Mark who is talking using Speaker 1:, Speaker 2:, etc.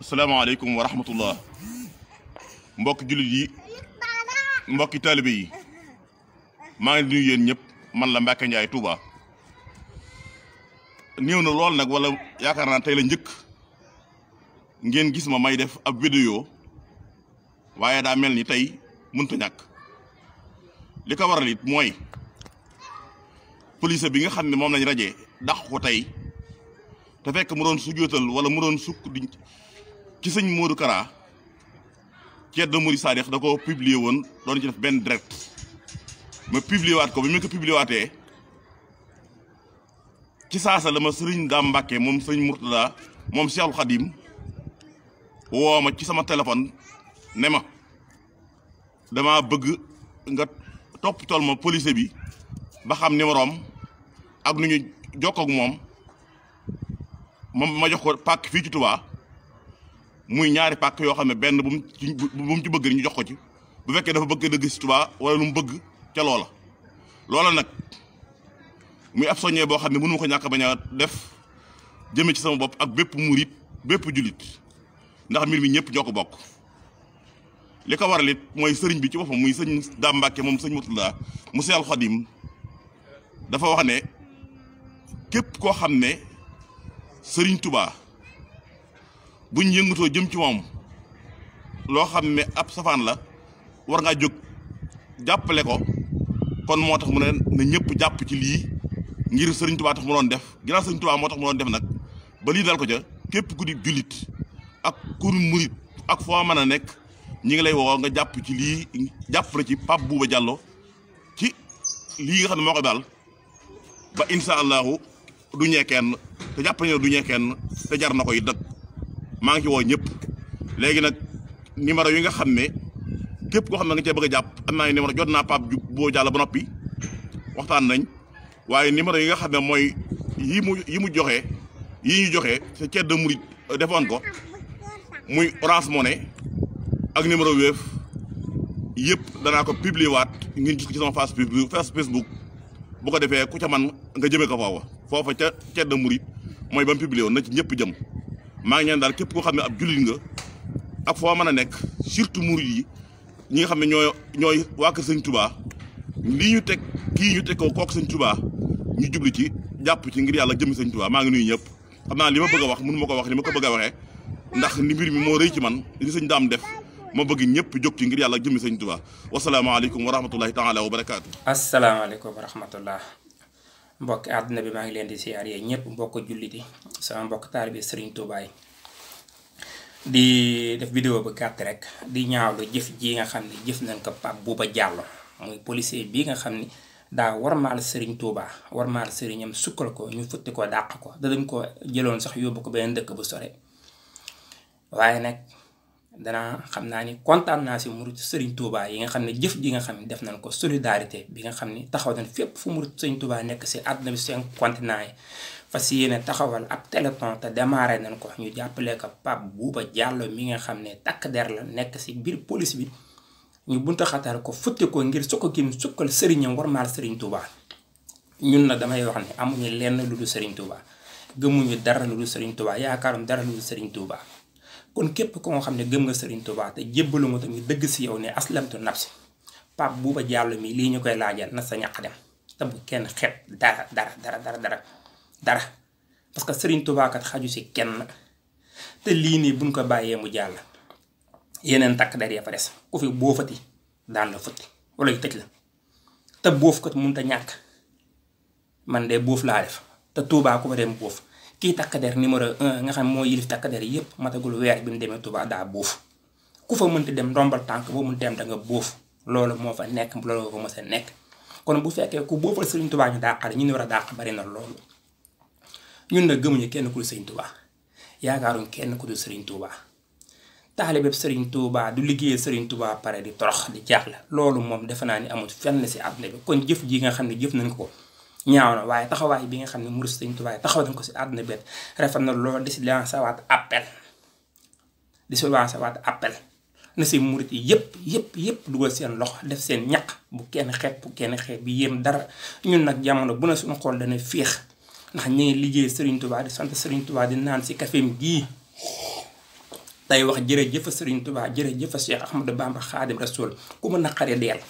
Speaker 1: asalaamaaleykum wa rahmatullah mbokki jullit yi mbokki taalibe yi maa ngi nuyu yéen ñëpp man la Mbacke Ndiaye tuuba néew na lool nag walla yaakaar naa tey la njëkk ngeen gis ma may def ab vidéo waaye daa mel ni tey mënta ñàkk li ko waral it mooy police bi nga xam ne moom lañ rajee dàq ko tey te fekk mu doon sujjóotal wala mu doon sukk di ci seigne Modou Kara Thierno Mouride Sadikh da ko publier won doon ci def ben direct ma publier wat ko bi ma ko publier waté ci sasa la ma sëriñ Dame Mbacke mom sëriñ Cheikhul Khadim woo ma ci sama téléphone néma dama bëgg nga top tol ma police bi ba xam numéroom ak nuñu jokk ak mom mom ma jox ko fi ci Touba muy ñaari pak yo xamne benn bu mu ci bëgg ñu jox ko ci bu fekke dafa bëgg deug ci tuba wala lu mu bëgg ci loola loola nak muy ab soñé bo xamne mënu ko ñàkk baña def jëme ci sama bop ak bépp mourid bépp julit ndax mbir mi ñepp joko bok bokk li ko sëriñ bi ci bopam muy sëriñ Dame Mbacke moom Mutula mu al dafa wax né képp ko xamné sëriñ tubaa buñ yëngatoo jëm ci moom loo xam ne ab safaan la war ngaa jóg jàppale ko kon moo tax mu ne na ñëpp jàpp ci lii ngir sëriñ tubaa tax mu doon def ginnaaw sëriñ tubaa moo tax mu doon def nag ba lii dal ko ca képp ku di jullit ak ku murit ak foo mën a nekk ñi ngi lay woo nga jàpp ci lii jàppale ci Pape Bouba Diallo ci lii nga xam ne moo ko daal ba incha allahu du ñee te jàpp ne du ñee te jar na koy dëkk maa ngi ci woo ñëpp léegi nag numéro yi nga xam ne képp koo xam ne nga cee bëgg a jàpp am naa numéro jot naa Pape Bouba Diallo ba noppi waxtaan nañ waaye numéro yi nga xam ne mooy yi mu yi mu joxe yi joxe te Ceddo Murid euh, defoon ko muy Orange Money ak numéro Wave yëpp danaa ko publier waat ngeen gis ko ci sama face bu ko defee ku ca man nga jëmee ko foofa foofa ca Ceddo Murid mooy bam mu woon na ci ñëpp jëm. maa ngi ñaan daal képp koo xam ne ab jullit nga ak foo man a nekk surtout murid yi ñi nga xam ne ñooy ñooy waa kër sëñ Touba lii ñu teg kii ñu teg ko kook sëñ tubaa ñu jubli ci jàpp ci ngir yàlla jëmi sañ Touba maa ngi nuyu ñëpp xam naa li ma bëgg a wax mënu ma ko wax ni ma ko bëgg a waxee ndax ni mbir mi moo rëy ci man li sëñ daam def ma bëgg ñëpp jóg ci ngir yàlla jëmi sëñ Touba wasalaamaaleykum wa rahmatullahi taala wa barakaatu.
Speaker 2: asalaamaaleykum wa rahmatullah mbokk àdduna bi maa ngi leen di siyaar yee ñëpp mbokk jullit yi sama mbokk taalibe Serigne Touba yi di def vidéo bu gàtt rek di ñaawlu jëf ji nga xam ne jëf nañ ko Pape ba jàll muy policier bi nga xam ne daa war warmaal Serigne war warmaal Serignam sukkal ko ñu futti ko dàq ko da dañ ko jëloon sax yóbbu ko beneen dëkk bu sore waaye nag. danaa xam naa ni kontaan naa si murit sëriñ Touba yi nga xam ne jëf ji nga xam ne def nañ ko solidarité bi nga xam ne taxaw nañ fépp fu murit sëriñ Touba nekk si àdduna bi cinq continent yi yéene taxawal ab téléthon te nañ ko ñu jàppale ko Pape Bouba Diallo mi nga xam ne takk der la nekk si biir police bi ñu bunta xatar ko futti ko ngir sukk kii mu sukkal sëriñam warmaal sëriñ Touba ñun na damay wax ni amuñu lenn lu dul sëriñ Touba gëmuñu dara lu dul sëriñ Touba dara lu dul kon képp ko nga xam ne gëm nga Serigne Touba te jébbalu nga tamit dëgg si yow ne aslamtu nafsi Pape Bouba jàll mii lii ñu koy laajal na sa ñaq dem te bu kenn xeeb dara dara parce que Serigne Touba xaju si kenn te lii nii buñ ko bàyyee mu jàll yeneen takk der ya fa des ku fi boofati daan la futti wala yu tëj la te boof kat mënut a ñàkk man de boof laa def te Touba ku fa dem boof. kii takk der numéro nga xam moo yilif takk der yëpp matagul weer bi mu demee Touba daa boofu ku fa mënti dem ndombal tànk boo mënti dem danga nga boofu loolu moo fa nekk loolu ko mos a nekk kon bu fekkee ku boofal Serigne Touba ñu dàqale ñu ne war a dàq bari na loolu ñun nag gëmuñu kenn ku dul Serigne Touba yaakaaruñ kenn ku dul Serigne Touba taalibe sëriñ tuubaa du liggéeyal sëriñ Touba pare di torox di jaaxle loolu moom defe naa ni amul fenn si àdduna bi kon jëf jii nga xam ne jëf nañ ko. ñaaw na waaye taxawaay bi nga xam ne murid Sëriñ Tuubaa taxaw nañ ko si àdduna bett rafet na lool di si lancé waat appel di si lancé waat appel na si murid yi yëpp yëpp yëpp dugal seen loxo def seen ñaq bu kenn xeeb bu kenn xeeb bi yéem dara ñun nag jamono bu ne suñu xool dana féex ndax ñu liggéey Sëriñ Tuubaa di sant Sëriñ Tuubaa di naan si kafeem gii tey wax jëre jërëjëf Sëriñ Tuubaa jërëjëf Cheikh Ahmadou Bamba Xaadim Rasul ku mën naqaree deel